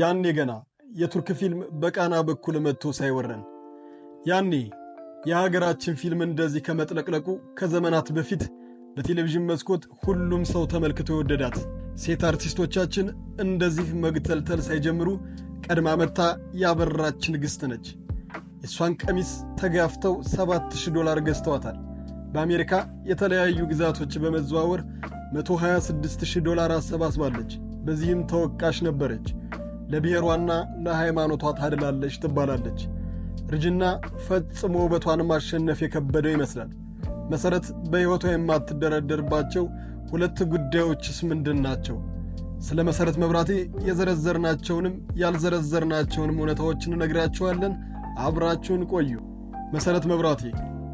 ያኔ ገና የቱርክ ፊልም በቃና በኩል መጥቶ ሳይወረን ያኔ የሀገራችን ፊልም እንደዚህ ከመጥለቅለቁ ከዘመናት በፊት በቴሌቪዥን መስኮት ሁሉም ሰው ተመልክቶ የወደዳት ሴት አርቲስቶቻችን እንደዚህ መግተልተል ሳይጀምሩ ቀድማ መጥታ ያበራች ንግሥት ነች። የእሷን ቀሚስ ተጋፍተው 7000 ዶላር ገዝተዋታል። በአሜሪካ የተለያዩ ግዛቶች በመዘዋወር 126000 ዶላር አሰባስባለች። በዚህም ተወቃሽ ነበረች። ለብሔሯና ለሃይማኖቷ ታድላለች ትባላለች። እርጅና ፈጽሞ ውበቷን ማሸነፍ የከበደው ይመስላል። መሠረት በሕይወቷ የማትደረደርባቸው ሁለት ጉዳዮችስ ምንድን ናቸው? ስለ መሠረት መብራቴ የዘረዘርናቸውንም ያልዘረዘርናቸውንም እውነታዎች እንነግራችኋለን። አብራችሁን ቆዩ። መሠረት መብራቴ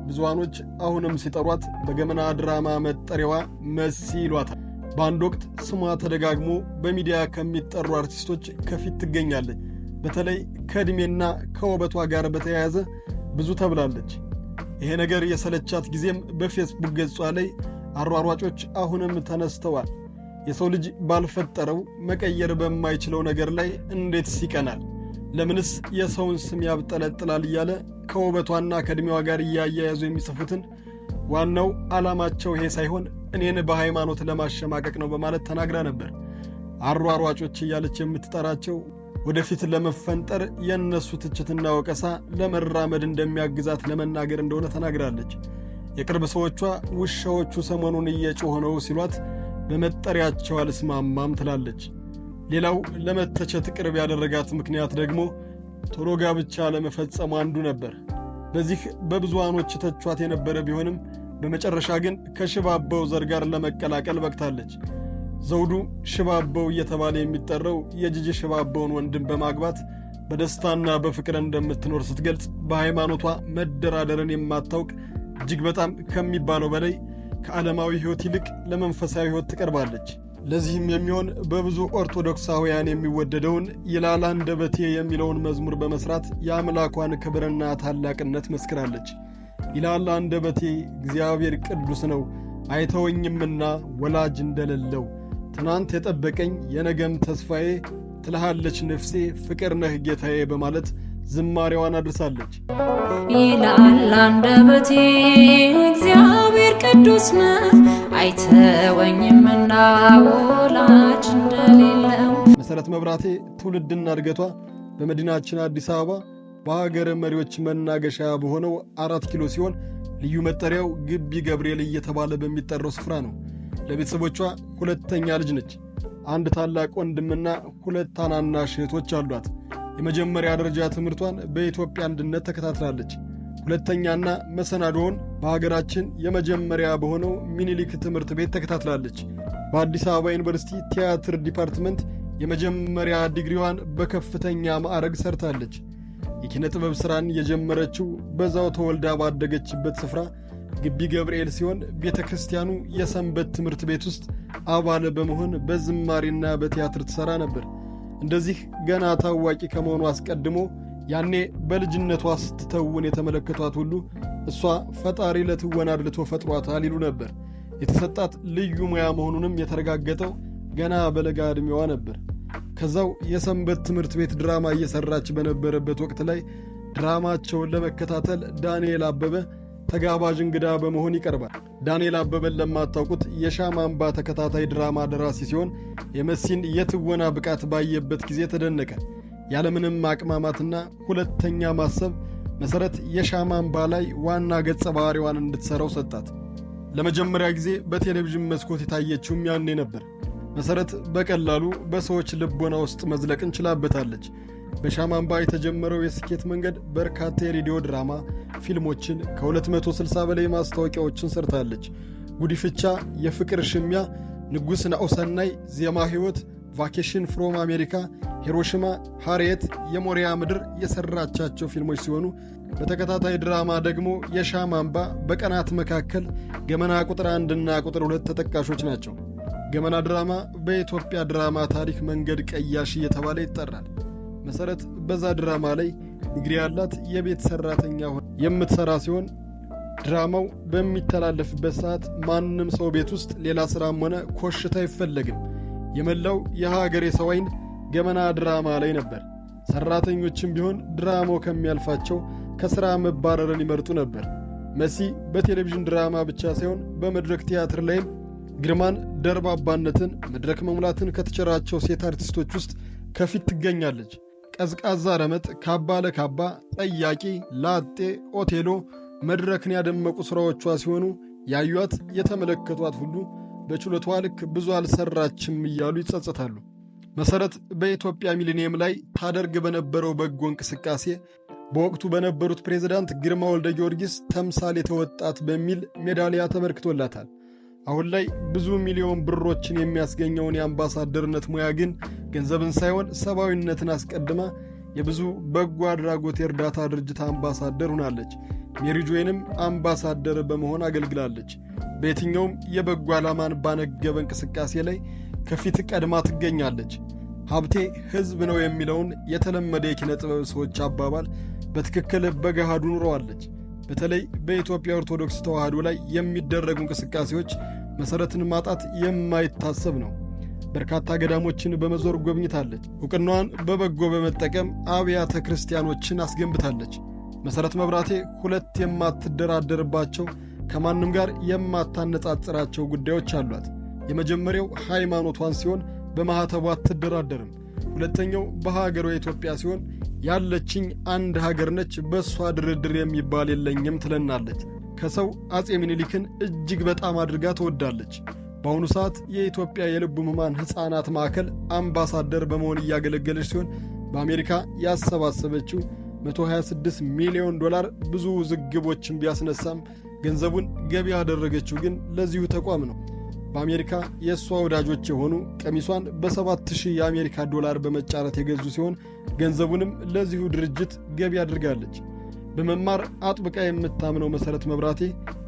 ብዙሃኖች አሁንም ሲጠሯት በገመና ድራማ መጠሪያዋ መሲ ይሏታል። በአንድ ወቅት ስሟ ተደጋግሞ በሚዲያ ከሚጠሩ አርቲስቶች ከፊት ትገኛለች። በተለይ ከዕድሜና ከውበቷ ጋር በተያያዘ ብዙ ተብላለች። ይሄ ነገር የሰለቻት ጊዜም በፌስቡክ ገጿ ላይ አሯሯጮች አሁንም ተነስተዋል። የሰው ልጅ ባልፈጠረው መቀየር በማይችለው ነገር ላይ እንዴትስ ይቀናል? ለምንስ የሰውን ስም ያብጠለጥላል? እያለ ከውበቷና ከዕድሜዋ ጋር እያያያዙ የሚጽፉትን ዋናው ዓላማቸው ይሄ ሳይሆን እኔን በሃይማኖት ለማሸማቀቅ ነው በማለት ተናግራ ነበር። አሯሯጮች እያለች የምትጠራቸው ወደፊት ለመፈንጠር የእነሱ ትችትና ወቀሳ ለመራመድ እንደሚያግዛት ለመናገር እንደሆነ ተናግራለች። የቅርብ ሰዎቿ ውሻዎቹ ሰሞኑን እየጮኸ ነው ሲሏት በመጠሪያቸው አልስማማም ትላለች። ሌላው ለመተቸት ቅርብ ያደረጋት ምክንያት ደግሞ ቶሎ ጋብቻ ለመፈጸሙ አንዱ ነበር። በዚህ በብዙሃኖች ተቿት የነበረ ቢሆንም በመጨረሻ ግን ከሽባባው ዘር ጋር ለመቀላቀል በቅታለች። ዘውዱ ሽባባው እየተባለ የሚጠራው የጅጅ ሽባባውን ወንድም በማግባት በደስታና በፍቅር እንደምትኖር ስትገልጽ በሃይማኖቷ መደራደርን የማታውቅ እጅግ በጣም ከሚባለው በላይ ከዓለማዊ ሕይወት ይልቅ ለመንፈሳዊ ሕይወት ትቀርባለች። ለዚህም የሚሆን በብዙ ኦርቶዶክሳውያን የሚወደደውን ይላል አንደበቴ የሚለውን መዝሙር በመስራት የአምላኳን ክብርና ታላቅነት መስክራለች። ይላል አንደበቴ። እግዚአብሔር ቅዱስ ነው አይተወኝምና ወላጅ እንደሌለው ትናንት የጠበቀኝ የነገም ተስፋዬ ትልሃለች ነፍሴ ፍቅር ነህ ጌታዬ በማለት ዝማሬዋን አድርሳለች። ይላል አንደበቴ እግዚአብሔር ቅዱስ ነው አይተወኝምና ወላጅ እንደሌለው። መሠረት መብራቴ ትውልድና እድገቷ በመዲናችን አዲስ አበባ በሀገር መሪዎች መናገሻ በሆነው አራት ኪሎ ሲሆን ልዩ መጠሪያው ግቢ ገብርኤል እየተባለ በሚጠራው ስፍራ ነው። ለቤተሰቦቿ ሁለተኛ ልጅ ነች። አንድ ታላቅ ወንድምና ሁለት ታናናሽ እህቶች አሏት። የመጀመሪያ ደረጃ ትምህርቷን በኢትዮጵያ አንድነት ተከታትላለች። ሁለተኛና መሰናዶውን በሀገራችን የመጀመሪያ በሆነው ሚኒሊክ ትምህርት ቤት ተከታትላለች። በአዲስ አበባ ዩኒቨርሲቲ ቲያትር ዲፓርትመንት የመጀመሪያ ዲግሪዋን በከፍተኛ ማዕረግ ሰርታለች። የኪነ ጥበብ ሥራን የጀመረችው በዛው ተወልዳ ባደገችበት ስፍራ ግቢ ገብርኤል ሲሆን ቤተ ክርስቲያኑ የሰንበት ትምህርት ቤት ውስጥ አባል በመሆን በዝማሬና በቲያትር ትሠራ ነበር። እንደዚህ ገና ታዋቂ ከመሆኑ አስቀድሞ ያኔ በልጅነቷ ስትተውን የተመለከቷት ሁሉ እሷ ፈጣሪ ለትወና አድልቶ ፈጥሯታል ይሉ ነበር። የተሰጣት ልዩ ሙያ መሆኑንም የተረጋገጠው ገና በለጋ ዕድሜዋ ነበር። ከዛው የሰንበት ትምህርት ቤት ድራማ እየሰራች በነበረበት ወቅት ላይ ድራማቸውን ለመከታተል ዳንኤል አበበ ተጋባዥ እንግዳ በመሆን ይቀርባል። ዳንኤል አበበን ለማታውቁት የሻማ አምባ ተከታታይ ድራማ ደራሲ ሲሆን የመሲን የትወና ብቃት ባየበት ጊዜ ተደነቀ። ያለምንም አቅማማትና ሁለተኛ ማሰብ መሠረት የሻማምባ ላይ ዋና ገጸ ባህሪዋን እንድትሠራው ሰጣት። ለመጀመሪያ ጊዜ በቴሌቪዥን መስኮት የታየችውም ያኔ ነበር። መሰረት በቀላሉ በሰዎች ልቦና ውስጥ መዝለቅ እንችላበታለች። በሻማንባ የተጀመረው የስኬት መንገድ በርካታ የሬዲዮ ድራማ ፊልሞችን፣ ከ260 በላይ ማስታወቂያዎችን ሰርታለች። ጉዲፍቻ፣ የፍቅር ሽሚያ፣ ንጉሥ ናኦሰናይ፣ ዜማ ሕይወት፣ ቫኬሽን ፍሮም አሜሪካ፣ ሂሮሽማ፣ ሃርየት፣ የሞሪያ ምድር የሰራቻቸው ፊልሞች ሲሆኑ በተከታታይ ድራማ ደግሞ የሻማንባ፣ በቀናት መካከል፣ ገመና ቁጥር አንድና ቁጥር ሁለት ተጠቃሾች ናቸው። ገመና ድራማ በኢትዮጵያ ድራማ ታሪክ መንገድ ቀያሽ እየተባለ ይጠራል። መሰረት በዛ ድራማ ላይ ዲግሪ ያላት የቤት ሰራተኛ የምትሰራ ሲሆን ድራማው በሚተላለፍበት ሰዓት ማንም ሰው ቤት ውስጥ ሌላ ስራም ሆነ ኮሽታ አይፈለግም። የመላው የሀገር ሰው አይን ገመና ድራማ ላይ ነበር። ሰራተኞችም ቢሆን ድራማው ከሚያልፋቸው ከሥራ መባረርን ይመርጡ ነበር። መሲ በቴሌቪዥን ድራማ ብቻ ሳይሆን በመድረክ ቲያትር ላይም ግርማን ደርባባነትን መድረክ መሙላትን ከተቸራቸው ሴት አርቲስቶች ውስጥ ከፊት ትገኛለች። ቀዝቃዛ ረመጥ፣ ካባ ለካባ፣ ጠያቂ፣ ላጤ፣ ኦቴሎ መድረክን ያደመቁ ሥራዎቿ ሲሆኑ ያዩት የተመለከቷት ሁሉ በችሎቷ ልክ ብዙ አልሰራችም እያሉ ይጸጸታሉ። መሠረት በኢትዮጵያ ሚሊኒየም ላይ ታደርግ በነበረው በጎ እንቅስቃሴ በወቅቱ በነበሩት ፕሬዝዳንት ግርማ ወልደ ጊዮርጊስ ተምሳሌ ተወጣት በሚል ሜዳሊያ ተበርክቶላታል። አሁን ላይ ብዙ ሚሊዮን ብሮችን የሚያስገኘውን የአምባሳደርነት ሙያ ግን ገንዘብን ሳይሆን ሰብአዊነትን አስቀድማ የብዙ በጎ አድራጎት የእርዳታ ድርጅት አምባሳደር ሆናለች። ሜሪ ጆይንም አምባሳደር በመሆን አገልግላለች። በየትኛውም የበጎ ዓላማን ባነገበ እንቅስቃሴ ላይ ከፊት ቀድማ ትገኛለች። ሀብቴ ሕዝብ ነው የሚለውን የተለመደ የኪነ ጥበብ ሰዎች አባባል በትክክል በገሃዱ ኑረዋለች። በተለይ በኢትዮጵያ ኦርቶዶክስ ተዋሕዶ ላይ የሚደረጉ እንቅስቃሴዎች መሠረትን ማጣት የማይታሰብ ነው። በርካታ ገዳሞችን በመዞር ጎብኝታለች። እውቅናዋን በበጎ በመጠቀም አብያተ ክርስቲያኖችን አስገንብታለች። መሠረት መብራቴ ሁለት የማትደራደርባቸው ከማንም ጋር የማታነጻጽራቸው ጉዳዮች አሏት። የመጀመሪያው ሃይማኖቷን ሲሆን በማኅተቧ አትደራደርም። ሁለተኛው በሀገሯ ኢትዮጵያ ሲሆን ያለችኝ አንድ ሀገር ነች፣ በእሷ ድርድር የሚባል የለኝም ትለናለች። ከሰው አፄ ምኒልክን እጅግ በጣም አድርጋ ትወዳለች። በአሁኑ ሰዓት የኢትዮጵያ የልብ ሕሙማን ሕፃናት ማዕከል አምባሳደር በመሆን እያገለገለች ሲሆን በአሜሪካ ያሰባሰበችው 126 ሚሊዮን ዶላር ብዙ ውዝግቦችን ቢያስነሳም ገንዘቡን ገቢ ያደረገችው ግን ለዚሁ ተቋም ነው። በአሜሪካ የእሷ ወዳጆች የሆኑ ቀሚሷን በሰባት ሺህ የአሜሪካ ዶላር በመጫረት የገዙ ሲሆን ገንዘቡንም ለዚሁ ድርጅት ገቢ አድርጋለች። በመማር አጥብቃ የምታምነው መሠረት መብራቴ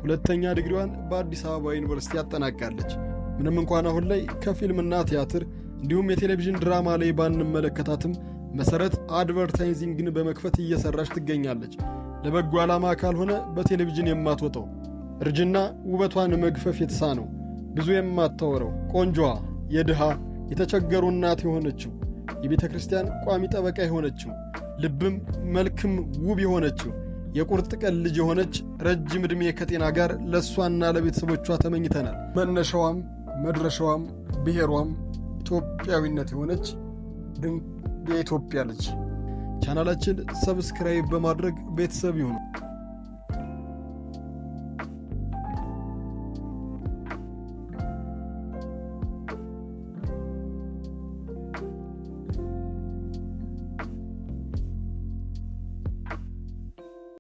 ሁለተኛ ዲግሪዋን በአዲስ አበባ ዩኒቨርሲቲ አጠናቃለች። ምንም እንኳን አሁን ላይ ከፊልምና ቲያትር እንዲሁም የቴሌቪዥን ድራማ ላይ ባንመለከታትም መሠረት አድቨርታይዚንግን በመክፈት እየሠራች ትገኛለች። ለበጎ ዓላማ ካልሆነ በቴሌቪዥን የማትወጣው እርጅና ውበቷን መግፈፍ የተሳነው ብዙ የማታወረው ቆንጆዋ የድሃ የተቸገሩ እናት የሆነችው የቤተ ክርስቲያን ቋሚ ጠበቃ የሆነችው ልብም መልክም ውብ የሆነችው የቁርጥ ቀን ልጅ የሆነች ረጅም ዕድሜ ከጤና ጋር ለእሷና ለቤተሰቦቿ ተመኝተናል። መነሻዋም መድረሻዋም ብሔሯም ኢትዮጵያዊነት የሆነች ድንቅ የኢትዮጵያ ልጅ ቻናላችን ሰብስክራይብ በማድረግ ቤተሰብ ይሁኑ።